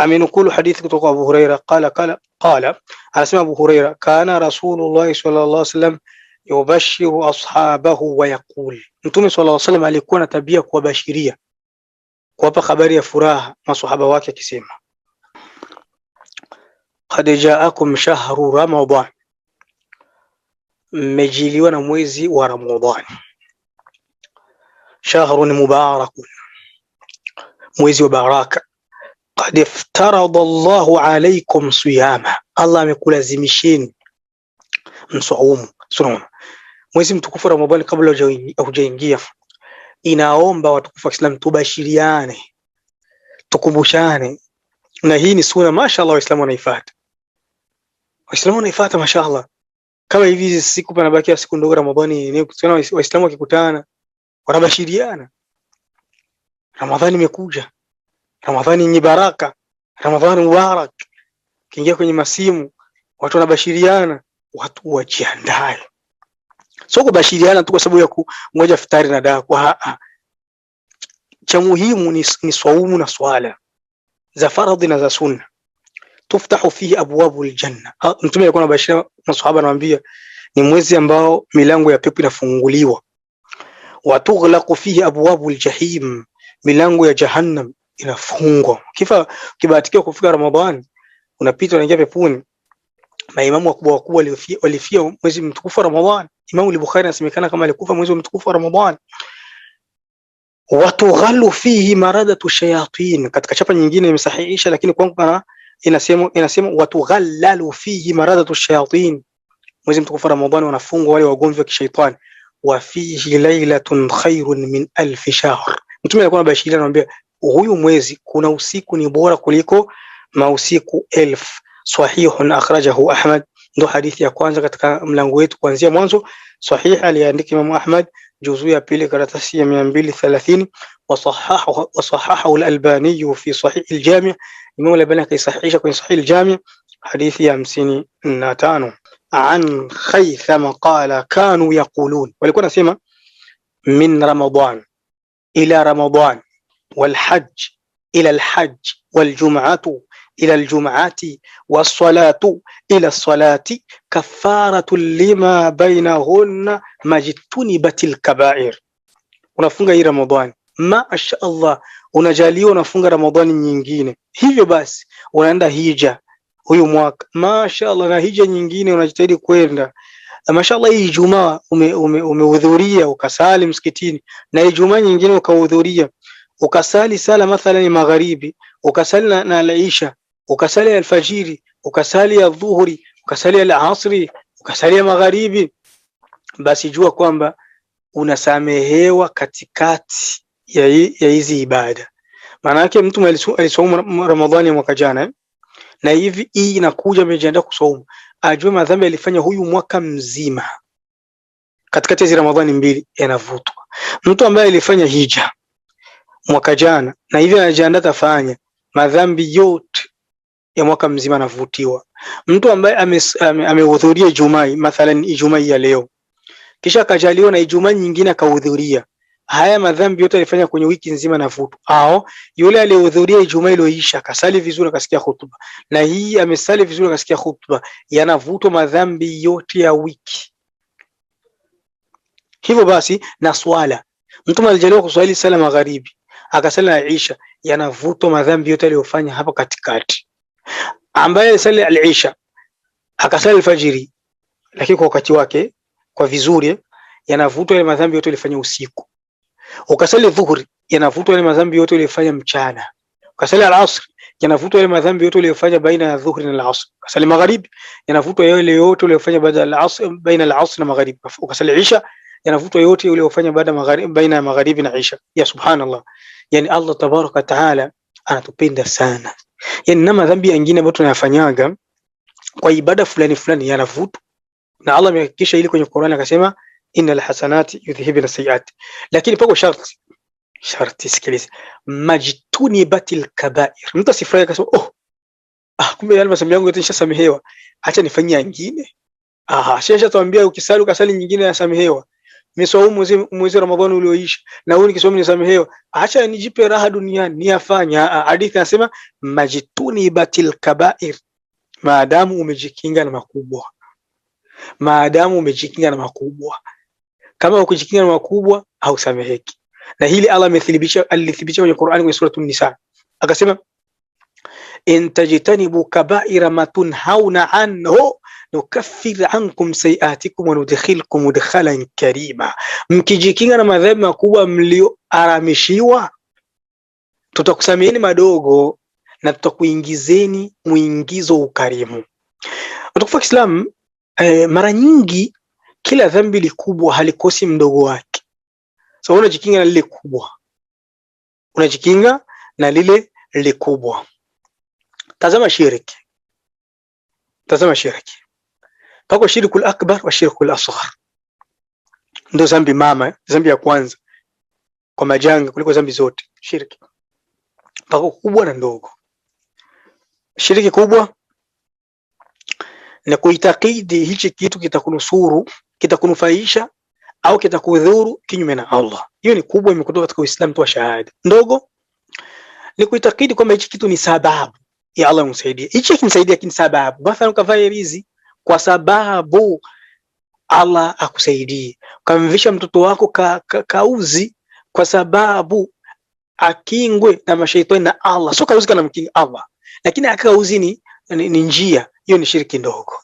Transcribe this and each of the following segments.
أمين كل حديث تقول أبو هريرة قال قال قال على اسم أبو هريرة كان رسول الله صلى الله عليه وسلم يبشر أصحابه ويقول نتومي صلى الله عليه وسلم عليه كون تبيه كو بشيرية كو بخبرية فراها ما صحابه واكي كسيمة قد جاءكم شهر رمضان مجيلي وانا مويزي ورمضان شهر مبارك مويزي وبركه Qad iftarada Allahu alaykum siyama, Allah amekulazimisheni msaumu. Mwezi mtukufu Ramadhani kabla hujaingia, inaomba watukufu wa Islam tubashiriane, tukumbushane, na hii ni sunna. Mashaallah, Waislamu wanaifuata, Waislamu wanaifuata, mashaallah. Kama hivi siku panabakia siku ndogo Ramadhani, Waislamu wakikutana wanabashiriana, Ramadhani imekuja. Ramadhani ni baraka, Ramadhani mubarak. Ukiingia kwenye masimu watu wanabashiriana, watu wajiandae, sio kubashiriana tu kwa sababu ya kungoja futari na daa. Kwa cha muhimu ni, ni swaumu na swala za faradhi na za sunna. Tuftahu fihi abwabu aljanna. Ah, Mtume alikuwa anabashiria maswahaba, anamwambia ni mwezi ambao milango ya pepo inafunguliwa. Watughlaqu fihi abwabu aljahim, milango ya jahannam inafungwa. Kifa kibahatikiwa kufika Ramadhani, unapita unaingia peponi. Maimamu wakubwa wakubwa walifia mwezi mtukufu wa Ramadhani. Imamu al-Bukhari anasemekana kama alikufa mwezi mtukufu wa Ramadhani. Watughallu fihi maradatu shayatin, katika chapa nyingine imesahihisha, lakini kwangu kana inasema inasema watughallalu fihi maradatu shayatin, mwezi mtukufu wa Ramadhani wanafungwa wale wagomvi wa kishaitani. Wa fihi lailatun khairun min alf shahr, Mtume alikuwa anabashiria anamwambia huyu mwezi kuna usiku ni bora kuliko mausiku elfu. Sahihun akhrajahu Ahmad, ndo hadithi ya kwanza katika mlango wetu kuanzia mwanzo. Sahih aliandika Imam Ahmad juzuu ya pili karatasi ya 230, wa al-Albani fi sahih al-Jami', Imam al-Albani akaisahihisha kwenye sahih al-Jami' hadithi ya 55. An Khaythama qala kanu yaqulun, walikuwa nasema min Ramadan ila Ramadan walhajj ila alhajj waljum'atu ila aljum'ati wassalatu ila salati kafaratu lima bainahunna majtunibatil kaba'ir. Unafunga hii Ramadhani, masha Allah, unajaliwa unafunga Ramadhani nyingine, hivyo basi unaenda hija huyu mwaka mashallah Allah, na hija nyingine unajitahidi kwenda mashallah hii Ijumaa umehudhuria ume, ume ukasali msikitini na Ijumaa nyingine ukahudhuria ukasali sala mathalan magharibi, ukasali na, na alaisha, ukasali alfajiri, ukasali ya dhuhuri, ukasali alasri, ukasali ya magharibi, basi jua kwamba unasamehewa katikati ya hizi ibada. Maana yake mtu alisoma Ramadhani ya mwaka jana na hivi hii inakuja amejiandaa kusoma, ajue madhambi alifanya huyu mwaka mzima, katikati ya hizi Ramadhani mbili yanavutwa. Mtu ambaye alifanya hija mwaka jana, na hivyo anajiandaa tafanya madhambi yote ya mwaka mzima anavutiwa. Mtu ambaye amehudhuria ame, ame Ijumaa mathalan Ijumaa ya leo, kisha akajaliwa na Ijumaa nyingine akahudhuria, haya madhambi yote alifanya kwenye wiki nzima na futu Au yule aliyehudhuria Ijumaa iliyoisha akasali vizuri akasikia hutuba, na hii amesali vizuri akasikia hutuba, yanavutwa madhambi yote ya wiki. Hivyo basi na swala, mtu alijaliwa kuswali sala magharibi akasali na isha yanavutwa madhambi yote aliyofanya hapo katikati. Ambaye alisali al-isha akasali al-Fajiri, lakini kwa wakati wake kwa vizuri, yanavutwa ile madhambi yote aliyofanya usiku. Ukasali dhuhuri, yanavutwa ile madhambi yote aliyofanya mchana. Ukasali al-asr, yanavutwa ile madhambi yote aliyofanya baina ya dhuhuri na al-asr. Ukasali magharibi, yanavutwa yale yote aliyofanya baina ya al-asr, baina al-asr na magharibi. Ukasali isha yanavutwa yote uliofanya baina ya magharibi na isha. Ya subhanallah, yani Allah tabaraka taala anatupenda sana, yani na madhambi yengine ambayo tunayafanyaga kwa ibada fulani fulani yanavutwa na Allah amehakikisha ili kwenye Qur'ani akasema, innal hasanati yudhhibna sayiat, lakini pako sharti sharti, sikiliza, majtunibatil kabair. Mtu asifurahi akasema oh, ah, kumbe yale masambi yangu yote nishasamehewa, acha nifanyie nyingine. Ah, shesha tuambia ukisali ukasali nyingine yasamehewa. Nimesoa huu mwezi mwezi Ramadhani ulioisha na huu nikisoma nisamehewa. Acha nijipe raha duniani niyafanya. Ah, ah, hadithi nasema majituni batil kabair, maadamu umejikinga na makubwa, maadamu umejikinga na makubwa. Kama ukijikinga na makubwa hausameheki, na hili Allah amethibitisha, alithibitisha kwenye Qur'ani kwenye sura An-Nisa akasema, in tajtanibu kabaira matunhauna anhu nukaffir ankum sayiatikum wanudkhilkum mudkhalan karima, mkijikinga na madhambi makubwa mlioharamishiwa, tutakusameheni madogo na tutakuingizeni muingizo ukarimu. Watukufu wa Kiislamu, eh, mara nyingi kila dhambi likubwa halikosi mdogo wake. So unajikinga na lile kubwa, unajikinga na lile likubwa. Tazama shiriki, tazama shiriki Wako shirkul akbar wa shirkul asghar, ndo zambi mama, zambi ya kwanza kwa majanga kuliko zambi zote, shirki. Pako kubwa na ndogo. Shirki kubwa na kuitakidi hichi kitu kitakunusuru, kitakunufaisha au kitakudhuru kinyume na Allah. Hiyo ni kubwa, imekutoka katika Uislamu tu shahada. Ndogo ni kuitakidi kwamba hichi kitu ni sababu ya Allah kumsaidia. Hichi kimsaidia kini sababu, mathalan kavaa hirizi kwa sababu Allah akusaidie. Ukamvisha mtoto wako ka, ka, kauzi kwa sababu akingwe na mashaitani na Allah, sio kauzi kana mkingi Allah, lakini akauzi ni, ni, ni njia hiyo, ni shiriki ndogo,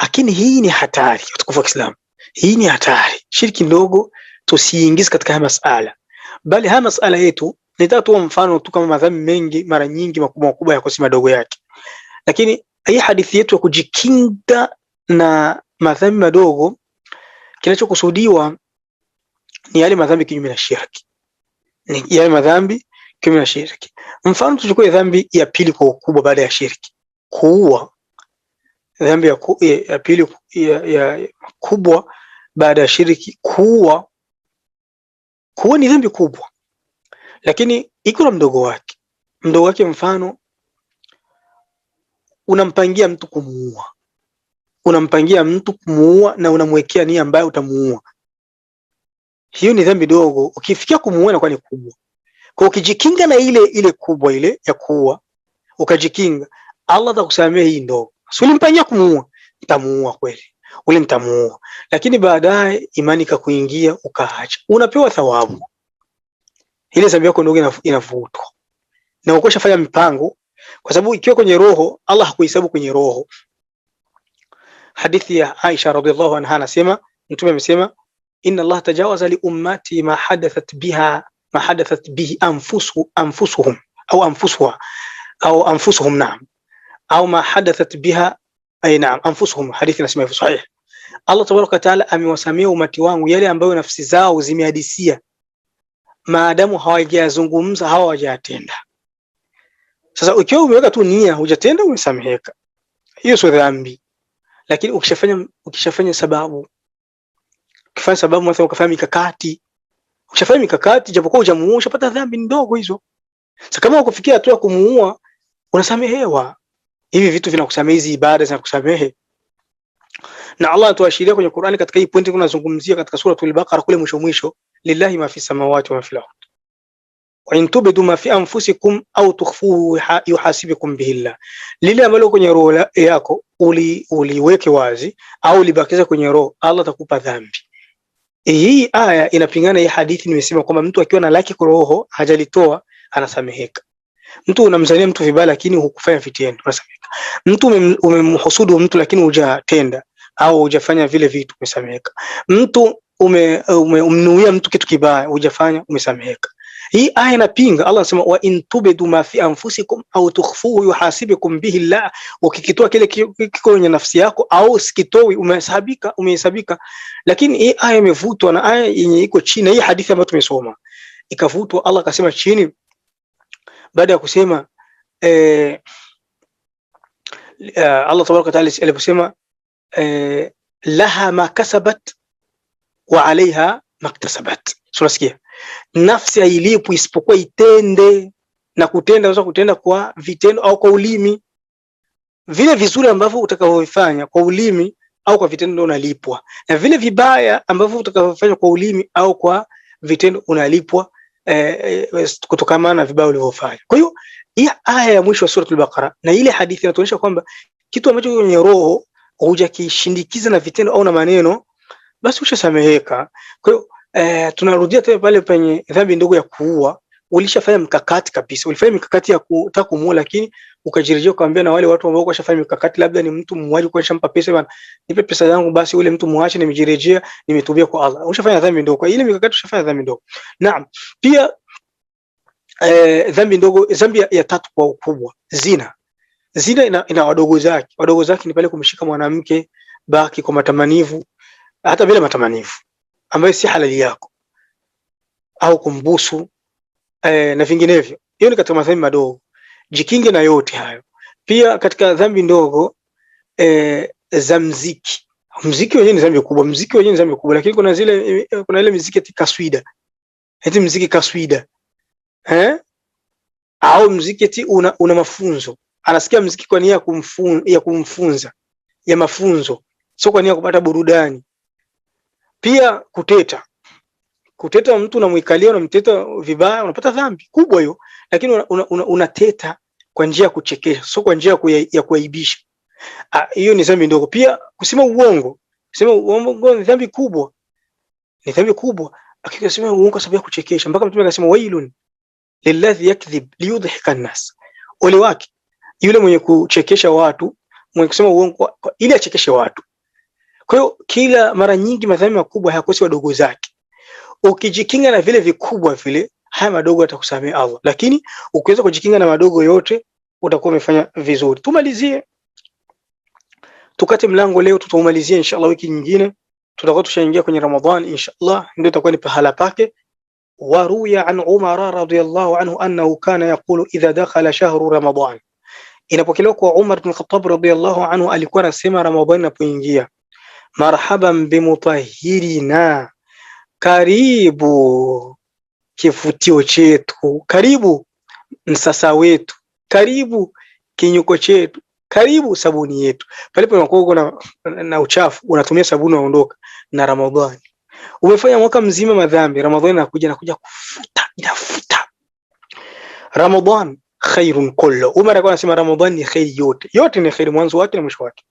lakini hii ni hatari. Utukufu wa Islam, hii ni hatari, shiriki ndogo tusiingize katika haya masala, bali haya masala yetu nitatoa mfano tu kama madhambi mengi mara nyingi makubwa makubwa yako si madogo yake, lakini hii hadithi yetu ya kujikinga na madhambi madogo, kinachokusudiwa ni yale madhambi kinyume na shirki, ni yale madhambi kinyume na shirki. Mfano, tuchukue dhambi ya pili kwa ukubwa baada ya shirki, kuua. Dhambi ya, ku, ya, ya pili ya, ya kubwa baada ya shirki, kuua. Kuua ni dhambi kubwa, lakini iko na mdogo wake. Mdogo wake mfano unampangia mtu kumuua, unampangia mtu kumuua na unamwekea nia ambayo utamuua. Hiyo ni dhambi dogo, ukifikia kumuua inakuwa ni kubwa. Kwa ukijikinga na ile ile kubwa ile ya kuua, ukajikinga, Allah atakusamehe hii ndogo. Si ulimpangia kumuua, utamuua kweli, ule mtamuua, lakini baadaye imani ikakuingia ukaacha, unapewa thawabu ile. zambi yako ndogo inavutwa na ukishafanya mipango kwa sababu ikiwa kwenye roho, Allah hakuhesabu kwenye roho. Hadithi ya Aisha radhiallahu anha anasema, mtume amesema, inna Allah tajawaza li ummati ma hadathat biha ma hadathat bihi anfusu anfusuhum au anfusuha au anfusuhum, naam au ma hadathat biha ay, naam anfusuhum. Hadithi nasema hivyo sahih. Allah tabaraka wa amewasamia umati wangu yale ambayo nafsi zao zimehadisia, maadamu hawajazungumza hawajatenda sasa ukiwa umeweka tu nia, hujatenda, umesameheka, hiyo sio dhambi. Lakini ukishafanya ukishafanya sababu, ukifanya sababu, mfano ukafanya mikakati, ukishafanya mikakati, japokuwa hujamuua, ushapata dhambi ndogo hizo. Sasa kama ukufikia hatua ya kumuua, unasamehewa. Hivi vitu vinakusamehe, hizi ibada zinakusamehe, na Allah atuashiria kwenye Qur'ani, katika hii pointi tunazungumzia katika suratul Baqara kule mwisho mwisho, lillahi ma fi samawati wa ma fil ardh wa in tubdu ma fi anfusikum au tukhfuhu yuhasibikum bihillah, lile ambalo kwenye roho yako uli uliweke wazi au ulibakiza kwenye roho, Allah atakupa dhambi. E, hii aya inapingana hii hadithi nimesema kwamba mtu akiwa na laki roho hajalitoa anasameheka. Mtu unamzania mtu vibaya, lakini hukufanya vitendo, unasameheka. Mtu umemhusudu mtu, lakini hujatenda au hujafanya vile vitu, umesameheka. Mtu umemnuia ume, mtu kitu kibaya, hujafanya, umesameheka. Hii aya inapinga. Allah anasema wa in tubidu ma fi anfusikum au tukhfuhu yuhasibikum bihi Allah, ukikitoa kile kiko kwenye nafsi yako au sikitoi umehesabika, umehesabika. Lakini hii aya imevutwa na aya yenye iko chini, hii hadithi ambayo tumesoma ikavutwa. Allah akasema chini baada ya kusema eh, eh Allah tabaraka wa taala aliposema eh, laha ma kasabat wa alaiha maktasabat, tunasikia Nafsi hailipwi isipokuwa itende, na kutenda unaweza kutenda kwa vitendo au kwa ulimi. Vile vizuri ambavyo utakavyofanya kwa ulimi au kwa vitendo ndio unalipwa, na vile vibaya ambavyo utakavyofanya kwa ulimi au kwa vitendo unalipwa eh, eh kutokana na vibaya ulivyofanya. Kwa hiyo hii aya ya mwisho wa suratul Baqara na ile hadithi inatuonyesha kwamba kitu ambacho kwenye roho hujakishindikiza na vitendo au na maneno, basi ushasameheka. Kwa hiyo eh, tunarudia tena pale penye dhambi ndogo ya kuua. Ulishafanya mkakati kabisa, ulifanya mikakati ya kutaka kumuua, lakini ukajirejea ukamwambia na wale watu ambao washafanya mikakati, labda ni mtu muuaji, kwa shampa pesa bwana, nipe pesa yangu basi, ule mtu muache, nimejirejea, nimetubia kwa Allah. Ulishafanya dhambi ndogo, kwa ile mikakati ulishafanya dhambi ndogo. Naam, pia eh, dhambi ndogo, dhambi ya, ya tatu kwa ukubwa, zina. Zina ina, ina wadogo zake. Wadogo zake ni pale kumshika mwanamke baki kwa matamanivu, hata bila matamanivu ambayo si halali yako au kumbusu eh, na vinginevyo. Hiyo ni katika madhambi madogo, jikinge na yote hayo. Pia katika dhambi ndogo eh, za mziki. Mziki wenyewe ni dhambi kubwa, mziki wenyewe ni dhambi kubwa, lakini kuna zile, kuna ile mziki eti kaswida, eti mziki kaswida eh? au mziki eti una, una mafunzo, anasikia mziki kwa nia ya kumfunza, ya mafunzo, sio kwa nia ya kupata burudani. Pia kuteta, kuteta mtu unamwikalia, unamteta vibaya, unapata dhambi kubwa hiyo, lakini unateta una, una, una kwa njia ya kuchekesha, sio kwa njia ya kuaibisha. Ah, hiyo ni dhambi ndogo. Pia kusema uongo, kusema uongo ni dhambi kubwa, ni dhambi kubwa akikasema uongo kwa sababu ya kuchekesha, mpaka Mtume akasema wailun lilladhi yakdhib liyudhhika nnas, ole wake yule mwenye kuchekesha watu, mwenye kusema uongo ili achekeshe watu. Kwa hiyo kila mara nyingi madhambi makubwa hayakosi wadogo zake. Ukijikinga na vile vikubwa vile, haya madogo atakusamea Allah, lakini ukiweza kujikinga na madogo yote utakuwa umefanya vizuri. Tumalizie, tukate mlango leo, tutaumalizia inshallah. Wiki nyingine tutakuwa tushaingia kwenye Ramadhani inshallah, ndio itakuwa ni pahala pake. Waruya an Umara radhiyallahu anhu annahu kana yaqulu idha dakhala shahru Ramadan, inapokelewa kwa Umar bin Khattab radhiyallahu anhu alikuwa anasema Ramadhani inapoingia marhaban bimutahirina, karibu kifutio chetu, karibu msasa wetu, karibu kinyuko chetu, karibu sabuni yetu. Palipo na, uko na, na uchafu unatumia sabuni unaondoka na Ramadhani. Umefanya mwaka mzima madhambi, Ramadhani nakuja nakuja kufuta inafuta. Ramadhani khairun kullu. Umar alikuwa anasema Ramadhani ni khairi yote. Yote ni khairi mwanzo wake na mwisho wake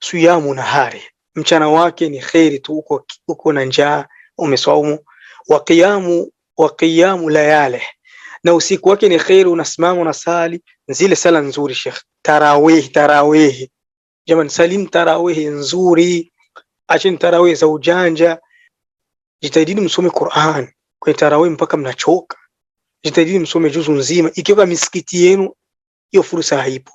siyamu nahari, mchana wake ni kheri tu, uko uko na njaa umesaumu. Wa qiyamu wa qiyamu layale, na usiku wake ni kheri, unasimama unasali zile sala nzuri. Sheikh, tarawih tarawih, jamani, salim tarawih nzuri, acheni tarawih za ujanja. Jitahidini msome Qur'an kwenye tarawih mpaka mnachoka. Jitahidini msome juzu nzima, ikiwa misikiti yenu hiyo fursa haipo,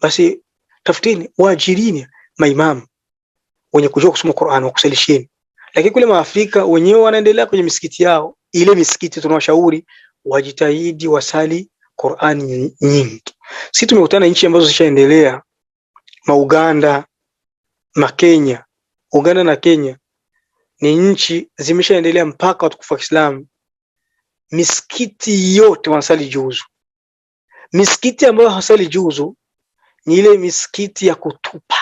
basi tafutini waajirini maimamu wenye kujua kusoma Qur'an wakusalisheni, lakini kule maafrika wenyewe wanaendelea kwenye misikiti yao. Ile misikiti tunawashauri wajitahidi wasali Qur'an nyingi. Sisi tumekutana nchi ambazo zishaendelea, mauganda makenya. Uganda na Kenya ni nchi zimeshaendelea mpaka watukufu wa Kiislamu misikiti yote wanasali juzu. Misikiti ambayo hasali juzu ni ile misikiti ya kutupa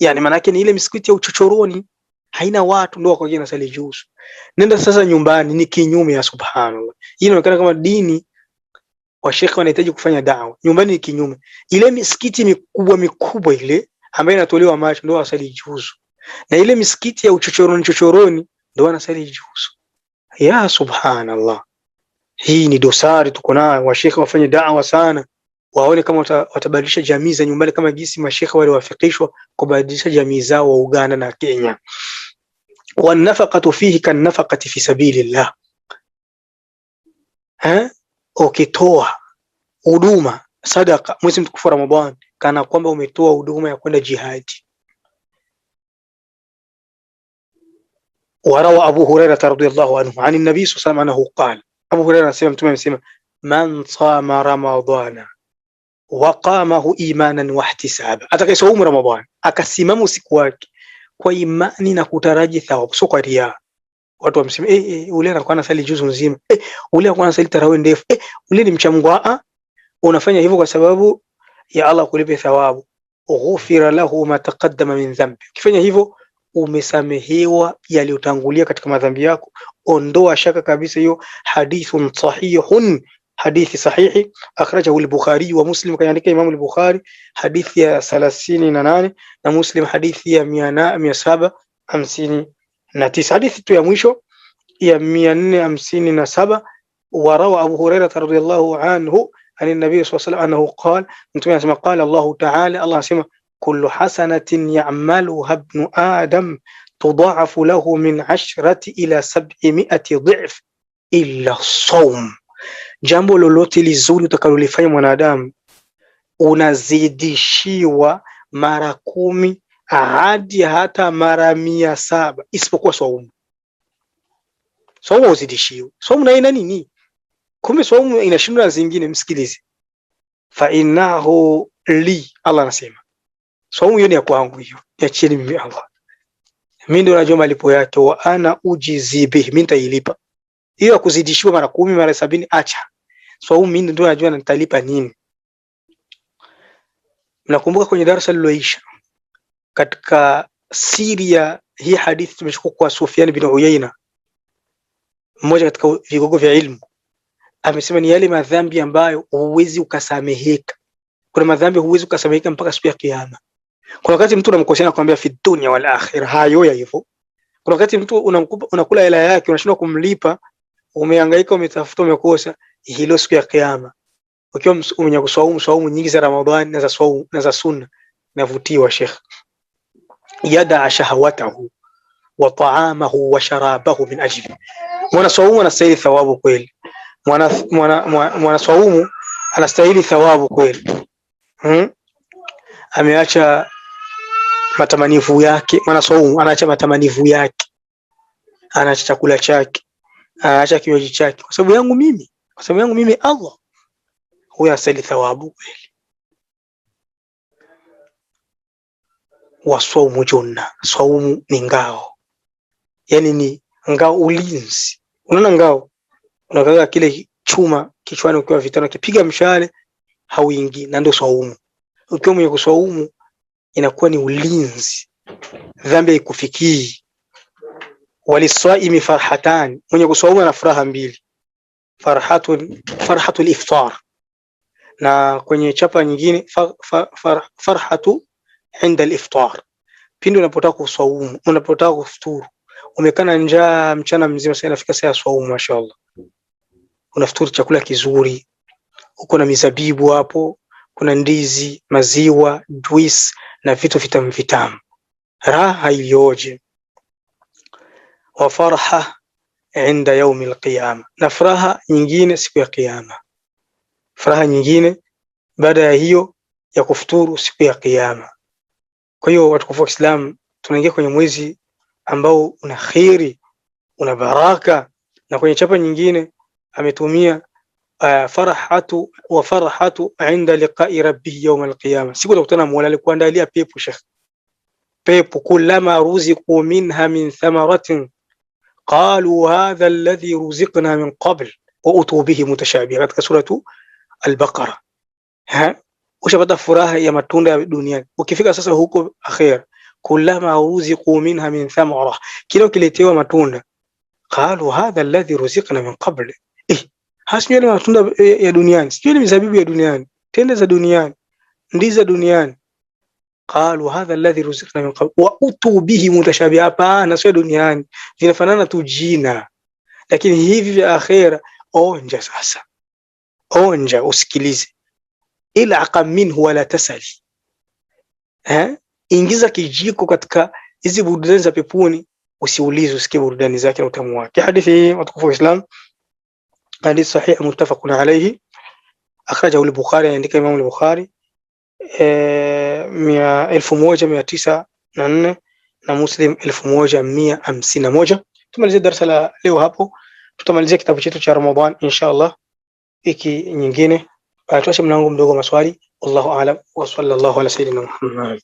yani maanake ni ile misikiti ya uchochoroni haina watu ndio wakaongea na sali juzu. Nenda sasa nyumbani, ni kinyume ya subhanallah. Hii inaonekana kama dini wa shekhi wanahitaji kufanya dawa nyumbani, ni kinyume. Ile misikiti mikubwa mikubwa ile ambayo inatolewa macho ndio wasali juzu, na ile misikiti ya uchochoroni chochoroni ndio wanasali juzu. Ya subhanallah, hii ni dosari tuko nayo. Washekhi wafanye dawa sana waone kama watabadilisha jamii za nyumbani kama jinsi mashekhe wale wafikishwa kubadilisha jamii zao wa Uganda na Kenya. Wanafaqatu fihi kanafaqati fi sabilillah, eh, ukitoa huduma sadaka mwezi mtukufu Ramadhani, kana kwamba umetoa huduma ya kwenda jihadi. Warawa Abu Hurairah radhiyallahu anhu an nabii sallallahu alayhi wasallam, anahu qala, Abu Hurairah anasema, mtume amesema man sama ramadhana waqamahu imanan wahtisaba, atakayesaumu Ramadhani akasimama usiku wake kwa imani na kutaraji thawabu, sio kwa ria. Watu wamsema eh, eh, ule anakuwa anasali juzu nzima eh, ule anakuwa anasali tarawih ndefu eh, ule ni mcha Mungu. A, unafanya hivyo kwa sababu ya Allah kulipe thawabu. ughfira lahu ma taqaddama min dhanbi, ukifanya hivyo umesamehewa yaliyotangulia katika madhambi yako. Ondoa shaka kabisa, hiyo hadithun sahihun حديث صحيح أخرجه البخاري ومسلم كان يعني كإمام البخاري حديث يا سلسين ناناني ومسلم حديث يا ميانا ميا سابا أمسيني ناتيس حديث تو يا ميشو يا ميانا أمسيني نسابا وروى أبو هريرة رضي الله عنه عن النبي صلى الله عليه وسلم أنه قال قال الله تعالى الله سمع كل حسنة يعملها ابن آدم تضاعف له من عشرة إلى سبعمائة ضعف إلا الصوم Jambo lolote lizuri utakalolifanya mwanadamu, unazidishiwa mara kumi hadi hata mara mia saba isipokuwa swaumu. Swaumu uzidishiwe. Swaumu na ina nini? Kumbe swaumu inashindwa na zingine. Msikilize, fa innahu li, Allah anasema swaumu hiyo ni ya kwangu, hiyo niachieni mimi Allah, mimi ndio najua malipo yake, wa ana ujizi bihi, mimi nitailipa hiyo ya kuzidishiwa mara kumi mara sabini acha swaumu, mimi ndio najua nitalipa nini. Nakumbuka kwenye darasa lililoisha katika siri ya hii hadithi tumechukua kwa Sufyan bin Uyaina, mmoja katika vigogo vya ilmu, amesema ni yale madhambi ambayo huwezi ukasameheka. Kuna madhambi huwezi ukasameheka mpaka siku ya Kiyama. Kuna wakati mtu unamkosea na kumwambia fi dunya wal akhirah, hayo ya hivyo. Kuna wakati mtu unakula hela yake unashindwa kumlipa umehangaika umetafuta umekosa, hilo siku ya Kiyama. Ukiwa mwenye kuswaumu swaumu nyingi za Ramadhani na za swaumu na za sunna, navutiwa Sheikh yada shahawatahu wa taamahu wa sharabahu min ajli mwana swaumu anastahili thawabu kweli, mwana mwana mwana swaumu anastahili thawabu kweli. Hmm? Ameacha matamanivu yake, mwana swaumu anaacha matamanivu yake, anaacha chakula chake aacha kinywaji chake kwa sababu yangu mimi, kwa sababu yangu mimi Allah, huyo asali thawabu kweli. Waswaumu junna, swaumu ni ngao, yani ni ngao, ulinzi. Unaona ngao, unakaa kile chuma kichwani ukiwa vitano kipiga mshale hauingi, na ndio swaumu. Ukiwa mwenye kuswaumu inakuwa ni ulinzi, dhambi haikufikii waliswaimi farhatan, mwenye kuswaumu na furaha mbili, farhatun farhatul iftar, na kwenye chapa nyingine farhatu inda aliftar, pindi unapotaka kuswaumu, unapotaka kufuturu, umekana njaa mchana mzima, sasa inafika saa ya swaumu, mashaallah, unafuturu chakula kizuri, uko na mizabibu hapo, kuna ndizi, maziwa, juice na vitu vitamu vitamu, raha iliyoje! wa farha inda yaumil qiyama, na furaha nyingine siku ya Kiyama. Furaha nyingine baada ya hiyo ya kufuturu siku ya Kiyama. Kwa hiyo watukufu wa Kiislamu, tunaingia kwenye mwezi ambao una kheri, una baraka, na kwenye chapa nyingine ametumia Uh, farahatu wa farahatu inda liqai rabbihi yawma alqiyama, siku takutana na Mola. Alikuandalia pepo Sheikh, pepo kulama ruziqu minha min thamaratin قالوا هذا الذي رزقنا من قبل وأتوا به متشابهة كسورة البقرة ها وش وشبت فراها يا متون الدنيا وكيف أساسا هو أخير كلما رزقوا منها من ثمرة كلو كليتيو متون قالوا هذا الذي رزقنا من قبل إيه هاسمي أنا متون يا دنيان سمي أنا مزابيب يا دنيان تندز دنيان ندز دنيان قالوا هذا الذي رزقنا من قبل واتوا به متشابها بانا سوى دنياني فينا فنانا تجينا لكن هي في الاخير اخير اونجا ساسا اونجا اسكليز الى عقم منه ولا تسال ها انجزا كيجيكو كتك ازي بردان زا بيبوني وسيوليز اسكي بردان زاكي وتموا في حديثه وتقف الاسلام حديث صحيح متفق عليه اخرجه البخاري عندك امام البخاري Eh, mia elfu moja mia tisa na nne na Muslim elfu moja mia hamsini na moja. Tumalizie darasa la leo hapo, tutamalizia kitabu chetu cha Ramadhan inshallah wiki nyingine. Ah, tuache mlango mdogo maswali. Wallahu alam wa sallallahu ala sayyidina Muhammad.